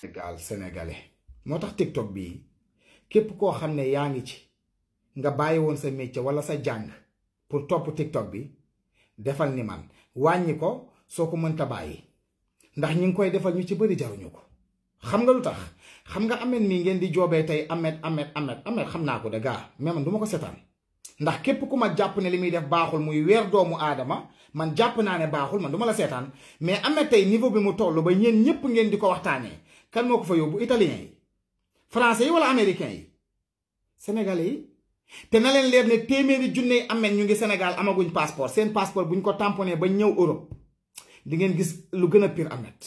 Sénégal sénégalais moo tax TikTok bii képp koo xam ne yaa ngi ci nga bàyyi woon sa métier wala sa jàng pour topp TikTok bi defal ni man wàññi ko soo ko mënta bàyyi ndax ñi ngi koy defal ñu ci bëri jaruñu ko xam nga lu tax xam nga amet mii ngeen di joobee tey amet amet amet amet xam naa ko de gaa mais man du ma ko setaan ndax képp ku ma jàpp ne li muy def baaxul muy weer doomu aadama man jàpp naa ne baaxul man du la seetaan mais amet tey niveau bi mu toll ba ñeen ñépp ngeen di ko waxtaanee kan moo ko fa yóbbu italien yi français yi wala américain yi sénégalais yi te na leen leer ne téeméeri junne ameen ñu ngi senegal amaguñ passeport seen passeport bu ñu ko tamponné ba ñëw Europe di ngeen gis lu gën a pire amet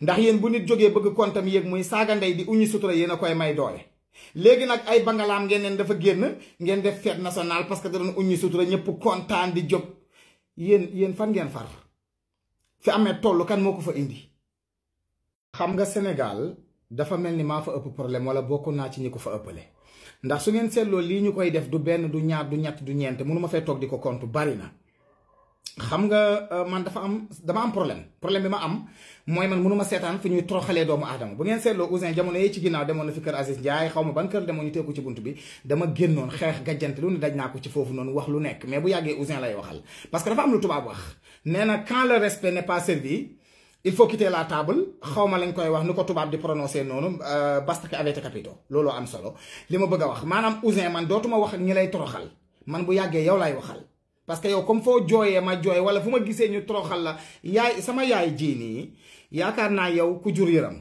ndax yéen bu nit jógee bëgg kontam yéeg muy saaga ndey di uñu sutura yéen a koy may doole. léegi nag ay bangalaam ngeen neen dafa génn ngeen def fête nationale parce que da doon uñu sutura ñëpp kontaan di jóg yéen yéen fan ngeen far fi amee toll kan moo ko fa indi. xam nga Sénégal dafa mel ni maa fa ëpp problème wala bokk naa ci ñi ko fa ëppale ndax su ngeen seetloo lii ñu koy def du benn du ñaar du ñett du ñeent mënu ma fay toog di ko compte bari na. xam nga euh, man dafa am dama am problème problème bi ma am mooy man mënu ma seetaan fi ñuy toroxalee doomu aadama bu ngeen seetloo Ousin jamono yee ci ginnaaw demoon na fi kër Aziz Ndiaye xaw ban kër demoon ñu teg ci bunt bi dama génnoon xeex gajjante lu ne daj naa ko ci foofu noonu wax lu nekk mais bu yàggee Ousin lay waxal parce que dafa na quand le respect il faut quitter la table xawma lañ koy wax ni tubab di prononcer euh parce que avait capito, Lolo am solo lima bëgg wax manam Ouzin man dotuma wax ñi lay toroxal man bu yagge yow lay waxal. parce que yow comme ma joye, wala fuma ma gisee ñu toroxal la yaay sama yaay jini nii yaakaar y'a yow ku jur yëram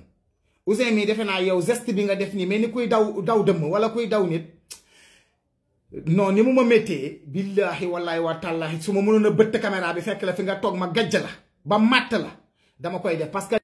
Ouzin mi defe na yow geste bi nga def ni mais ni kuy daw daw dem wala kuy daw nit. non ni mu ma méttee billaahi wallaahi wa tallahi suma mënon na bëtt caméra bi fekk la fi nga tok ma gajj ba matta dá uma def parce